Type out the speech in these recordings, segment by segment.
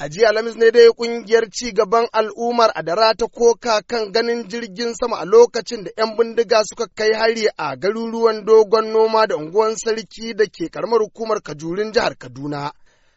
A jiya Lamis ne dai kungiyar ci gaban al'ummar Adara ta koka kan ganin jirgin sama a lokacin da 'yan bindiga suka kai hari a garuruwan dogon noma da unguwan sarki da ke karamar hukumar Kajurin jihar Kaduna.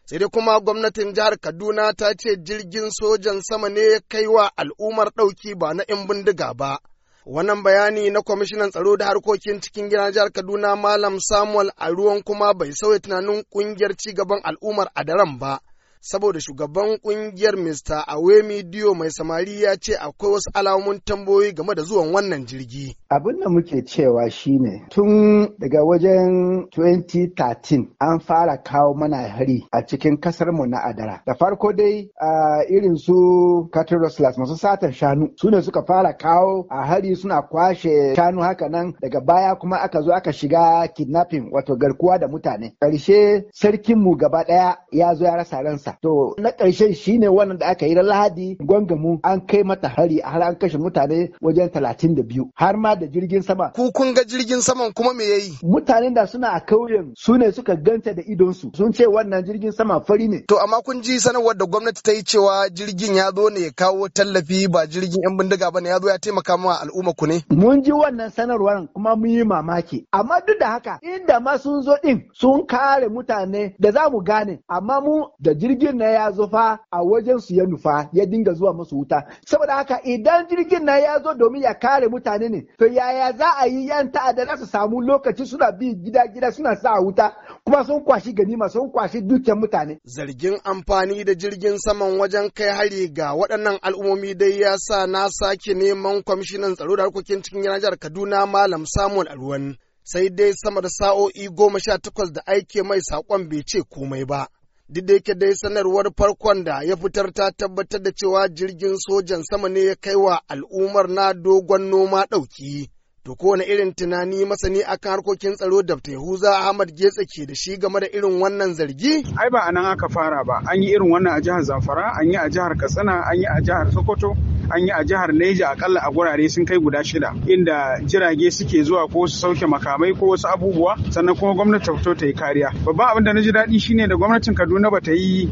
Sai dai kuma gwamnatin jihar Kaduna ta ce jirgin sojan sama ne ya kai wa al'ummar ɗauki ba na 'yan bindiga ba. wannan bayani na kwamishinan tsaro da harkokin cikin gidan jihar kaduna malam samuel a ruwan kuma bai sauya tunanin kungiyar gaban al'ummar a daren ba saboda shugaban kungiyar Mr. Awemi Dio mai samari ya ce akwai wasu alamun tambayoyi game da zuwan wannan jirgi. Abin da muke cewa shine tun daga wajen 2013 an fara kawo mana hari a cikin kasar mu na Adara. Da farko dai a irin su Cateroslas masu satar shanu su ne suka fara kawo a hari suna kwashe shanu haka nan daga baya kuma aka zo aka shiga kidnapping wato garkuwa da mutane. Ƙarshe sarkinmu gaba ɗaya ya zo ya rasa ransa. to na shi ne wannan da aka yi na lahadi gwangamu an kai mata hari har an kashe mutane wajen talatin da biyu har ma da jirgin sama ku kun ga jirgin saman kuma me yayi mutanen da suna a kauyen su ne suka ganta da idonsu sun ce wannan jirgin sama fari ne to amma kun ji sanarwar da gwamnati ta yi cewa jirgin ya zo ne ya kawo tallafi ba jirgin yan bindiga bane ya zo ya taimaka ma al'umma ku ne mun ji wannan sanarwar kuma mun yi mamaki amma duk da haka inda ma sun zo din sun kare mutane da za mu gane amma mu da jirgin jirgin na ya zo fa a wajen su ya nufa ya dinga zuwa masu wuta saboda haka idan jirgin na ya zo domin ya kare mutane ne to yaya za a yi yan ta'adda za su samu lokaci suna bi gida gida suna sa wuta kuma sun kwashi ganima sun kwashi dukiyar mutane zargin amfani da jirgin saman wajen kai hari ga waɗannan al'ummomi dai ya sa na sake neman kwamishinan tsaro da harkokin cikin jihar Kaduna Malam Samuel Alwan sai dai sama da sa'o'i goma sha takwas da aike mai saƙon bai ce komai ba. duk da yake dai sanarwar farkon da ya fitar ta tabbatar da cewa jirgin sojan sama ne ya kai wa al'ummar na dogon noma ɗauki. To kowane irin tunani masani akan harkokin tsaro da Yahuza Ahmad Getsa ke da shi game da irin wannan zargi? Ai ba anan aka fara ba, an yi irin wannan a jihar Zamfara, an yi a jihar Katsina, an yi a jihar Sokoto, an yi a jihar Neja akalla a gurare sun kai guda shida inda jirage suke zuwa ko su sauke makamai ko wasu abubuwa sannan kuma gwamnati ta fito ta yi kariya. Babban abin da na ji daɗi shine da gwamnatin Kaduna ba ta yi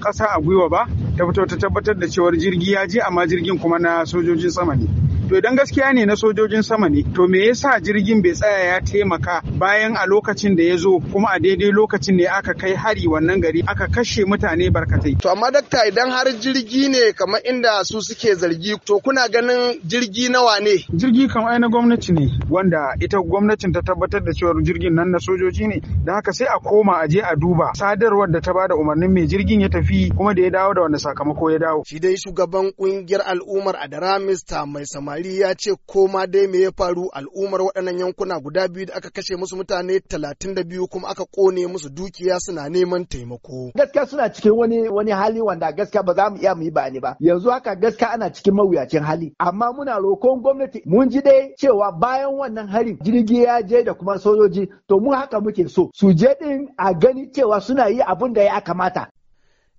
ƙasa a gwiwa ba ta fito ta tabbatar da cewar jirgi ya je amma jirgin kuma na sojojin sama ne. To idan gaskiya ne na sojojin sama ne, to me yasa jirgin bai tsaya ya taimaka bayan a lokacin da ya zo kuma a daidai lokacin ne aka kai hari wannan gari aka kashe mutane barkatai. To amma dakta idan har jirgi ne kamar inda su suke zargi to kuna ganin jirgi nawa ne? Jirgi kamar ai na gwamnati ne wanda ita gwamnatin ta tabbatar da cewa jirgin nan na sojoji ne da haka sai a koma a je a duba sadarwar da ta bada umarnin mai jirgin ya tafi kuma da ya dawo da wani sakamako ya dawo. Shi dai shugaban kungiyar al'ummar Adara Mista Mai Sama Samari ya ce koma dai me ya faru al'ummar waɗannan yankuna guda biyu da aka kashe musu mutane talatin da biyu kuma aka kone musu dukiya suna neman taimako. Gaskiya suna cikin wani wani hali wanda gaskiya ba za mu iya mu yi bayani ba. Yanzu haka gaskiya ana cikin mawuyacin hali amma muna rokon gwamnati mun ji dai cewa bayan wannan hari jirgi ya je da kuma sojoji to mu haka muke so su je din a gani cewa suna yi abun da ya kamata.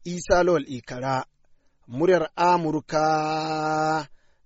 Isa Lawal Ikara, muryar Amurka